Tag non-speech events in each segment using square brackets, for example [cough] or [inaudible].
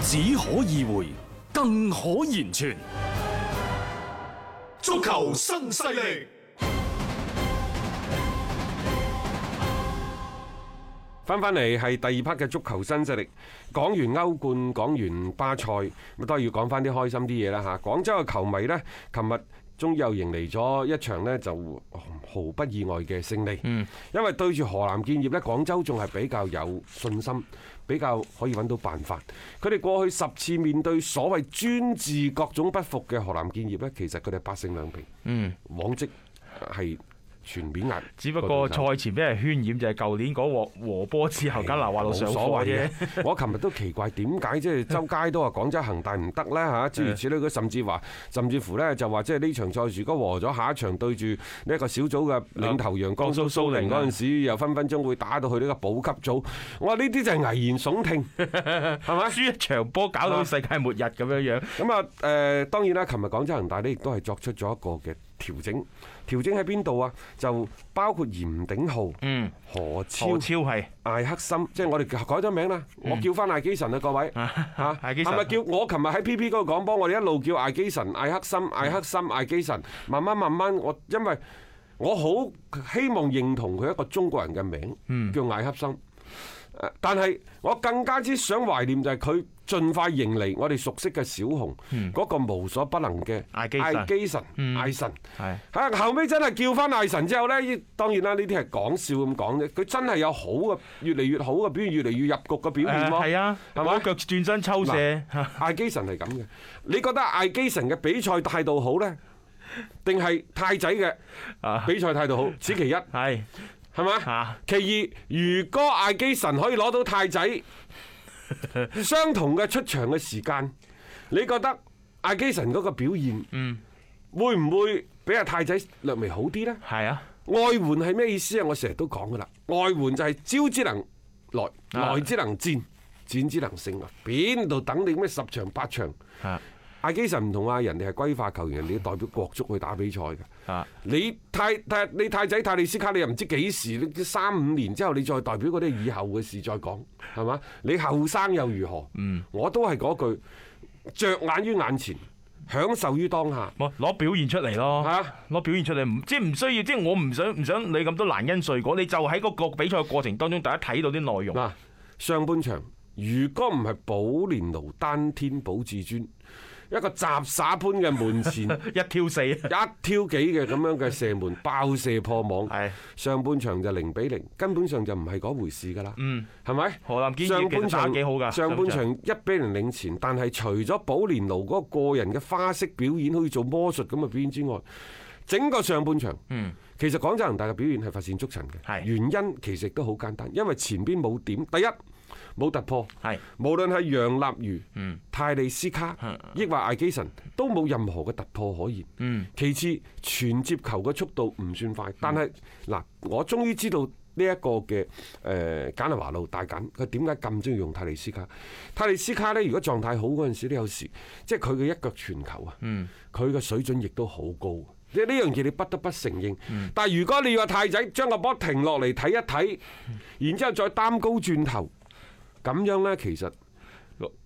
只可意會，更可言傳。足球新勢力，翻返嚟係第二 part 嘅足球新勢力。講完歐冠，講完巴塞，咁都係要講翻啲開心啲嘢啦吓。廣州嘅球迷呢，琴日。終於又迎嚟咗一場呢，就毫不意外嘅勝利。嗯、因為對住河南建業呢，廣州仲係比較有信心，比較可以揾到辦法。佢哋過去十次面對所謂專治各種不服嘅河南建業呢，其實佢哋八勝兩平。往績係。全面壓，只不過賽前俾人渲染，就係舊年嗰和和波之後華，緊鬧話到上課啫。我琴日都奇怪點解即係周街都話廣州恒大唔得咧嚇，諸如此類。佢甚至話，甚至乎咧就話即係呢場賽事如果和咗，下一場對住呢一個小組嘅領頭羊江蘇蘇寧嗰陣時，又分分鐘會打到去呢個保級組。我話呢啲就係危言聳聽，係咪 [laughs] 吧？輸一場波搞到世界末日咁樣樣。咁啊誒，當然啦，琴日廣州恒大呢亦都係作出咗一個嘅。調整調整喺邊度啊？就包括嚴鼎浩、嗯、何超、何超係艾克森，即係我哋改咗名啦，嗯、我叫翻艾基神啊，各位嚇、啊，艾基神係咪叫我？琴日喺 P P 嗰個廣播，我哋一路叫艾基神、艾克森、嗯、艾克森、艾基神，慢慢慢慢，我因為我好希望認同佢一個中國人嘅名，嗯、叫艾克森。但係我更加之想懷念就係佢盡快迎嚟我哋熟悉嘅小紅，嗰個無所不能嘅艾基，艾基神，艾神係吓，後尾真係叫翻艾神之後咧，當然啦呢啲係講笑咁講啫。佢真係有好嘅，越嚟越好嘅表現，越嚟越入局嘅表現咯。係啊，係咪，腳轉身抽射，艾基神係咁嘅。你覺得艾基神嘅比賽態度好咧，定係太子嘅比賽態度好？此其一係。係嘛？其二，如果艾基神可以攞到泰仔， [laughs] 相同嘅出場嘅時間，你覺得艾基神嗰個表現會唔會比阿泰仔略微好啲咧？係啊，外援係咩意思啊？我成日都講噶啦，外援就係招之能來，來、啊、之能戰，戰之能勝啊！邊度等你咩十場八場？阿基神唔同啊，人哋係歸化球員，人哋代表國足去打比賽嘅。啊你，你太太你泰仔泰利斯卡，你又唔知幾時？你三五年之後，你再代表嗰啲以後嘅事再講，係嘛？你後生又如何？嗯，我都係嗰句，着眼於眼前，享受於當下。攞、嗯、表現出嚟咯，攞表現出嚟，唔即係唔需要，即係我唔想唔想你咁多難因碎果，你就喺個比賽嘅過程當中，大家睇到啲內容。嗱、嗯，上半場如果唔係保連奴單天保至尊。一個雜耍般嘅門前 [laughs] 一挑四，一挑幾嘅咁樣嘅射門 [laughs] 爆射破網，是的 上半場就零比零，根本上就唔係嗰回事㗎喇，係咪、嗯？河南上半場一比零領前，但係除咗寶蓮奴嗰個人嘅花式表演，好似做魔術咁嘅表演之外，整個上半場，嗯、其實廣州恒大嘅表現係乏善足陳嘅，的原因其實亦都好簡單，因為前邊冇點，第一。第一第一第一第一冇突破，係是，無論係楊立瑜、嗯、泰利斯卡，亦、啊、或艾基臣，都冇任何嘅突破可言。嗯、其次，傳接球嘅速度唔算快，但係嗱、嗯，我終於知道呢一個嘅誒、呃、簡立華路大簡佢點解咁鍾意用泰利斯卡？泰利斯卡咧，如果狀態好嗰陣時，都有時即係佢嘅一腳傳球啊，佢嘅、嗯、水準亦都好高。即呢樣嘢，你不得不承認。但係如果你話泰仔將個波停落嚟睇一睇，然之後再擔高轉頭。咁樣呢，其實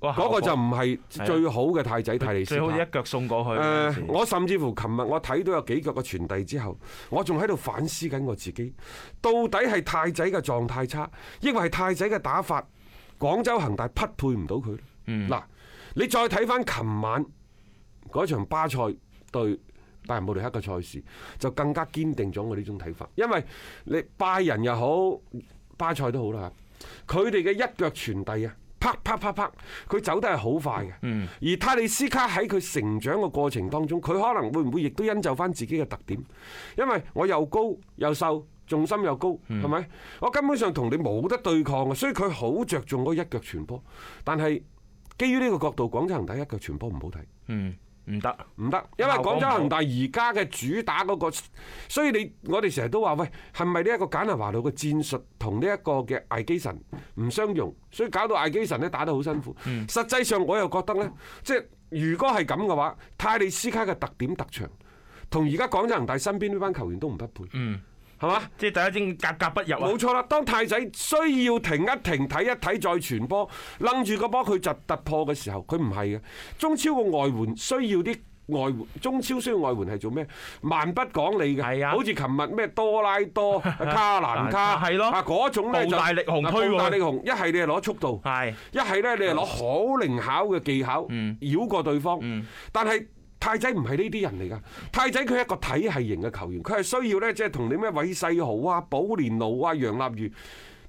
嗰個就唔係最好嘅太仔替你，果最好一腳送過去。呃、我甚至乎琴日我睇到有幾腳嘅傳遞之後，我仲喺度反思緊我自己，到底係太仔嘅狀態差，抑或係太仔嘅打法，廣州恒大匹配唔到佢。嗱、嗯，你再睇翻琴晚嗰場巴塞對拜仁慕尼黑嘅賽事，就更加堅定咗我呢種睇法，因為你拜仁又好，巴塞都好啦。佢哋嘅一腳傳遞啊，啪啪啪啪，佢走得係好快嘅。嗯，而泰利斯卡喺佢成長嘅過程當中，佢可能會唔會亦都因就翻自己嘅特點？因為我又高又瘦，重心又高，係咪、嗯？我根本上同你冇得對抗嘅，所以佢好着重嗰個一腳傳波。但係基於呢個角度，廣州恒大一腳傳波唔好睇。嗯。唔得，唔得，因為廣州恒大而家嘅主打嗰個，所以你我哋成日都話「喂，係咪呢一個簡拿華路嘅戰術同呢一個嘅艾基神唔相容？」所以搞到艾基神咧打得好辛苦。實際上我又覺得呢，即係如果係咁嘅話，泰利斯卡嘅特點特長，同而家廣州恒大身邊呢班球員都唔匹配。係嘛？即係大家先格格不入冇、啊、錯啦、啊，當太仔需要停一停、睇一睇再傳波，擸住個波佢就突破嘅時候，佢唔係嘅。中超嘅外援需要啲外援，中超需要外援係做咩？蠻不講理嘅，係啊！好似琴日咩多拉多、卡蘭卡，係咯、 [laughs] 啊，嗰種咧就大力紅推喎，大力紅一係他你係攞速度，係一係咧你係攞好靈巧嘅技巧、嗯、繞過對方，嗯、但係。太仔唔係呢啲人嚟噶，太仔佢係一個體系型嘅球員，佢係需要呢，即係同你咩韋世豪啊、保連奴啊、楊立瑜，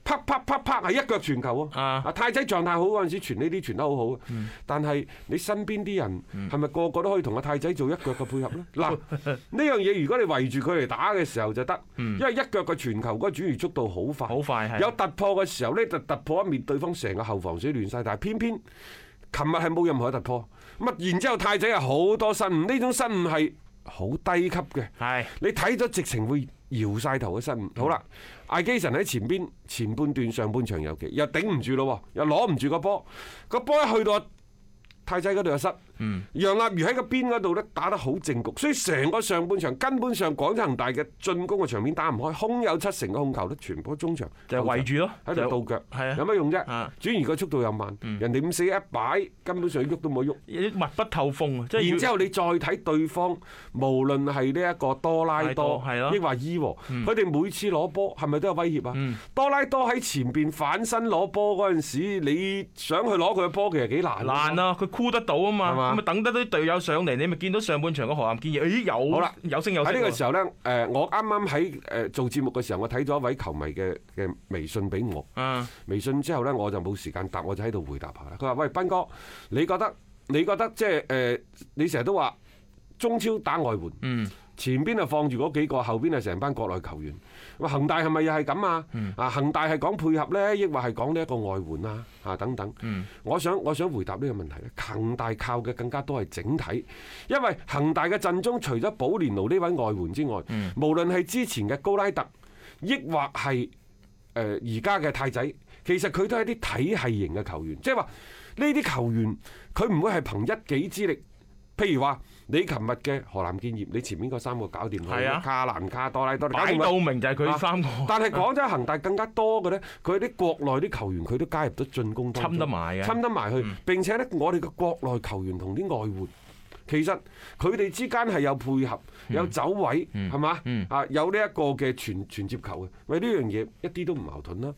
啪啪啪啪係一腳傳球啊！啊，太仔狀態好嗰陣時，傳呢啲傳得好好。嗯、但係你身邊啲人係咪、嗯、個個都可以同阿太仔做一腳嘅配合呢？嗱， [laughs] 呢樣嘢如果你圍住佢嚟打嘅時候就得，嗯、因為一腳嘅傳球嗰個轉移速度好快，好快有突破嘅時候呢，就突，突破一面對方成個後防先亂晒。但係偏偏。琴日係冇任何突破，乜？然之後太子有好多失誤，呢種失誤係好低級嘅。係是你睇咗直情會搖晒頭嘅失誤。好啦，嗯、艾基神喺前邊，前半段上半場尤其，又頂唔住咯，又攞唔住個波，個波一去到太仔嗰度有失。嗯，楊立瑜喺個邊嗰度咧打得好正局，所以成個上半場根本上廣州恒大嘅進攻嘅場面打唔開，空有七成嘅控球都全部中場就圍住咯，喺度倒腳，係啊，有乜用啫？轉移個速度又慢，人哋五四一擺，根本上喐都冇喐，密不透風啊！然之後你再睇對方，無論係呢一個多拉多，係咯，抑或伊和，佢哋每次攞波係咪都有威脅啊？多拉多喺前邊反身攞波嗰陣時，你想去攞佢嘅波其實幾難難啊！佢箍得到啊嘛～咁咪等得啲隊友上嚟，你咪見到上半場嘅河南建業，咦、哎，有，好啦有聲有喺呢個時候咧，誒我啱啱喺誒做節目嘅時候，我睇咗一位球迷嘅嘅微信俾我。嗯，微信之後咧，我就冇時間答，我就喺度回答下。佢話：喂，斌哥，你覺得你覺得即係誒？你成日都話中超打外援，嗯，前邊啊放住嗰幾個，後邊係成班國內球員。恒大係咪又係咁啊？啊，恒大係講配合呢，抑或係講呢一個外援啊？啊，等等。我想我想回答呢個問題咧，恒大靠嘅更加多係整體，因為恒大嘅陣中除咗保連奴呢位外援之外，無論係之前嘅高拉特，抑或係誒而家嘅泰仔，其實佢都係一啲體系型嘅球員，即係話呢啲球員佢唔會係憑一己之力。譬如話，你琴日嘅河南建業，你前面嗰三個搞掂佢，卡蘭加、卡多拉多，擺到明就係佢三個。但係廣州恒大更加多嘅咧，佢啲國內啲球員佢都加入咗進攻，侵得埋啊，侵得埋去。嗯、並且咧，我哋嘅國內球員同啲外援，其實佢哋之間係有配合，有走位，係嘛啊？有呢一個嘅傳傳接球嘅，喂，呢樣嘢一啲都唔矛盾啦。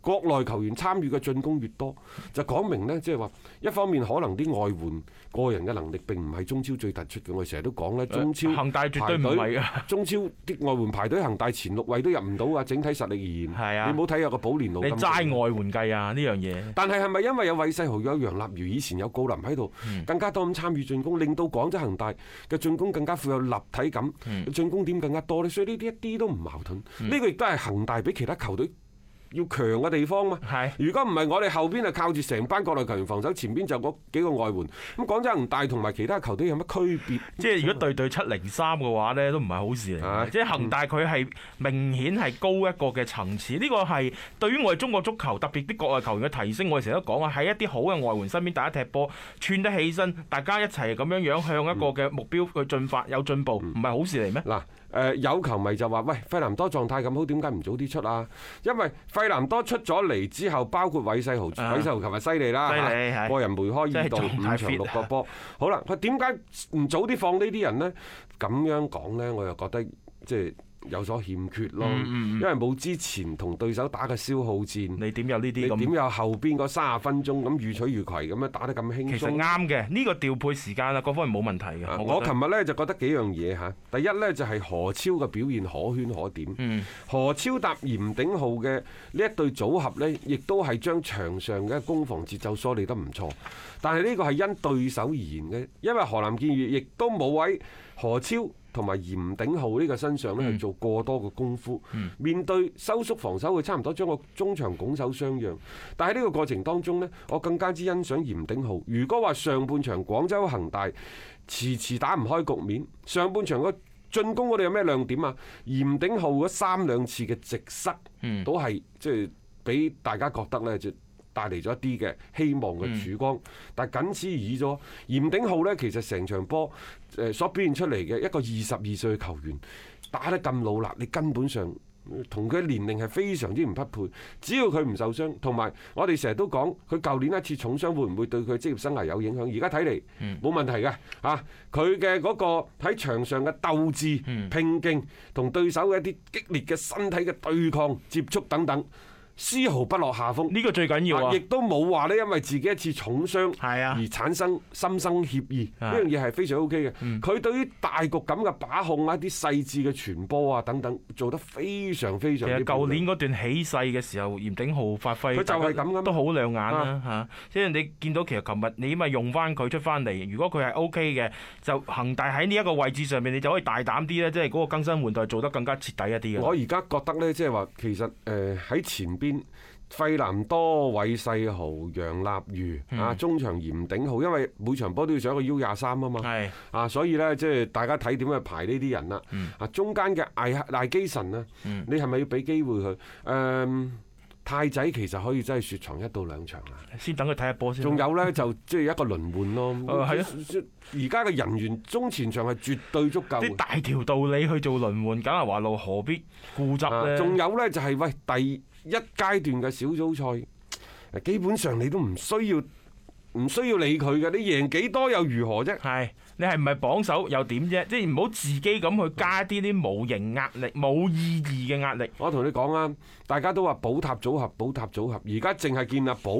國內球員參與嘅進攻越多，就講明呢，即係話一方面可能啲外援個人嘅能力並唔係中超最突出嘅。我成日都講咧，中超恒大絕對唔係嘅。中超啲外援排隊恒大前六位都入唔到啊！整體實力而言，係啊，你冇睇有個保連奴。你齋外援計啊，呢樣嘢。但係係咪因為有韋世豪、有楊立如、以前有郜林喺度，嗯、更加多咁參與進攻，令到廣州恒大嘅進攻更加富有立體感，嗯、進攻點更加多咧？所以呢啲一啲都唔矛盾。呢個亦都係恒大比其他球隊要強嘅地方嘛，的如果唔係我哋後邊啊靠住成班國內球員防守，前邊就嗰幾個外援，咁廣州恒大同埋其他球隊有乜區別？即係如果對對七零三嘅話呢，都唔係好事嚟、啊、即係恒大佢係明顯係高一個嘅層次，呢、嗯、個係對於我哋中國足球，特別啲國外球員嘅提升，我哋成日都講啊，喺一啲好嘅外援身邊大家踢波，串得起身，大家一齊咁樣樣向一個嘅目標去進發，嗯、有進步，唔係好事嚟咩？嗱、嗯，誒、嗯嗯呃、有球迷就話，喂，費南多狀態咁好，點解唔早啲出啊？因為。費南多出咗嚟之後，包括韋世豪、韋世豪琴日犀利啦，個人梅開二度，五場六個波。啊、好啦，佢點解唔早啲放呢啲人呢？咁樣講呢，我又覺得即係。有所欠缺咯，因為冇之前同對手打嘅消耗戰，你點有呢啲？你點有後邊嗰三十分鐘咁予取予攜咁樣打得咁輕鬆？其實啱嘅，呢個調配時間啊，嗰方面冇問題嘅。我琴日呢就覺得幾樣嘢嚇，第一呢就係何超嘅表現可圈可點。嗯，何超搭嚴鼎浩嘅呢一對組合呢，亦都係將場上嘅攻防節奏梳理得唔錯。但係呢個係因對手而言嘅，因為河南建業亦都冇位何超。同埋嚴鼎浩呢個身上咧，去做過多嘅功夫。嗯、面對收縮防守，佢差唔多將個中場拱手相讓。但喺呢個過程當中呢，我更加之欣賞嚴鼎浩。如果話上半場廣州恒大遲遲打唔開局面，上半場個進攻我哋有咩亮點啊？嚴鼎浩嗰三兩次嘅直塞，都係即係俾大家覺得呢。就係。帶嚟咗一啲嘅希望嘅曙光，但係僅此而已咗。嚴鼎浩呢，其實成場波誒所表現出嚟嘅一個二十二歲嘅球員打得咁老辣，你根本上同佢嘅年齡係非常之唔匹配。只要佢唔受傷，同埋我哋成日都講佢舊年一次重傷會唔會對佢職業生涯有影響？而家睇嚟冇問題嘅嚇，佢嘅嗰個喺場上嘅鬥志、拼勁同對手嘅一啲激烈嘅身體嘅對抗、接觸等等。絲毫不落下風，呢個最緊要亦、啊啊、都冇話呢，因為自己一次重傷，係啊，而產生心生怯意。呢樣嘢係非常 OK 嘅。佢是、啊、對於大局咁嘅把控啊，一啲細緻嘅傳播啊等等，做得非常非常，非常，非常。其實舊年嗰段起勢嘅時候，嚴鼎浩發揮，佢就係咁咯，都好亮眼啦嚇是、啊啊啊。即係你見到，其實琴日你咪用翻佢出翻嚟。如果佢係 OK 嘅，就恒大喺呢一個位置上面，你就可以大膽啲咧。即係嗰個更新換代做得更加徹底一啲嘅。我而家覺得咧，即係話其實誒喺、呃、前邊。費南多、韋世豪、楊立瑜啊，嗯、中場嚴鼎皓，因為每場波都要上一個 U 廿三啊嘛，係啊，所以咧即係大家睇點去排呢啲人啦。啊、嗯，中間嘅艾艾基臣咧，嗯、你係咪要俾機會佢？誒，泰仔其實可以真係雪藏一到兩場啦。先等佢睇下波先呢。仲有咧就即係一個輪換咯。係咯，而家嘅人員中前場係絕對足夠。啲大條道理去做輪換，梗係話路何必固執？仲有咧就係、是、喂第。第一階段嘅小組賽，基本上你都唔需要，唔需要理佢嘅。你贏幾多又如何啫？係你係唔係榜首又點啫？即係唔好自己咁去加啲啲無形壓力，冇對 意義嘅壓力。我同你講啊，大家都話寶塔組合、寶塔組合，而家淨係見阿寶，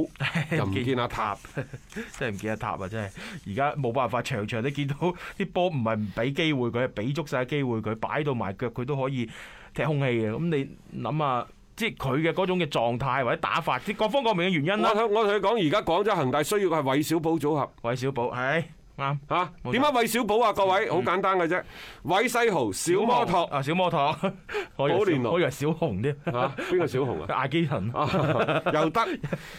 又唔見阿塔， [laughs] [laughs] 真係唔見阿塔啊！真係而家冇辦法，場場都見到啲波唔係唔俾機會佢，俾足晒機會佢，擺到埋腳佢都可以踢空氣嘅。咁你諗下。即係佢嘅嗰種嘅狀態或者打法，即各方各面嘅原因啦。我我同你講，而家廣州恒大需要嘅係韋小寶組合，韋小寶係啱嚇。點解韋小寶啊？各位好簡單嘅啫，韋世豪小摩托啊，小摩托。我以為小紅添嚇，邊個小紅啊？亞基臣又得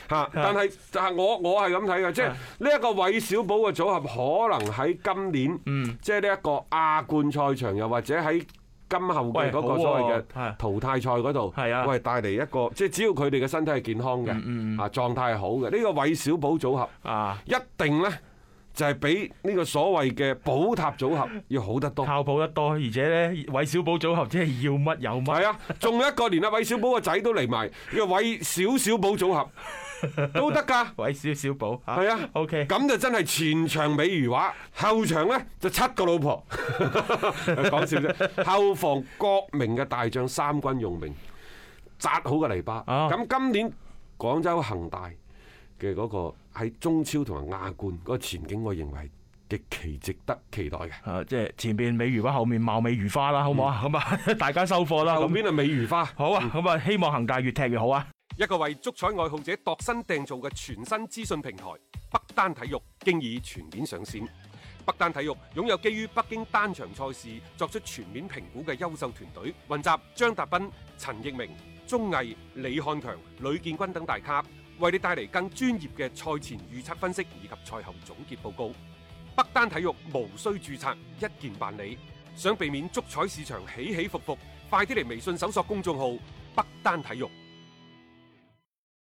嚇，但係但係我我係咁睇嘅，即係呢一個韋小寶嘅組合可能喺今年，即係呢一個亞冠賽場又或者喺。今後嘅嗰個所謂嘅淘汰賽嗰度，我係的帶嚟一個，即係只要佢哋嘅身體係健康嘅，啊狀態係好嘅，呢個韋小寶組合啊一定咧。就係比呢個所謂嘅寶塔組合要好得多，靠譜得多，而且咧韋小寶組合真係要乜有乜，係啊，仲有一個連阿韋小寶個仔都嚟埋，叫韋小小寶組合都得噶，韋小小寶係啊，啊，OK，咁就真係前場美如畫，後場咧就七個老婆，講笑啫，後防國明嘅大將，三軍用命，紮好個籬笆，咁、啊、今年廣州恒大。嘅嗰個喺中超同埋亞冠嗰個前景，我認為極其值得期待嘅。誒，即係前面美如花，後面貌美如花啦，好唔好啊？咁啊，大家收貨啦。後面係美如花。好啊，咁啊，希望恒大越踢越好啊！一個為足彩愛好者度身訂造嘅全新資訊平台北單體育，經已全面上線。北單體育擁有基於北京單場賽事作出全面評估嘅優秀團隊，雲集張達斌、陳奕明、鐘毅、李漢強、呂建軍等大咖。為你帶嚟更專業嘅賽前預測分析，以及賽後總結報告。北單體育無需注冊，一鍵辦理。想避免足彩市場起起伏伏，快啲嚟微信搜索公眾號北單體育。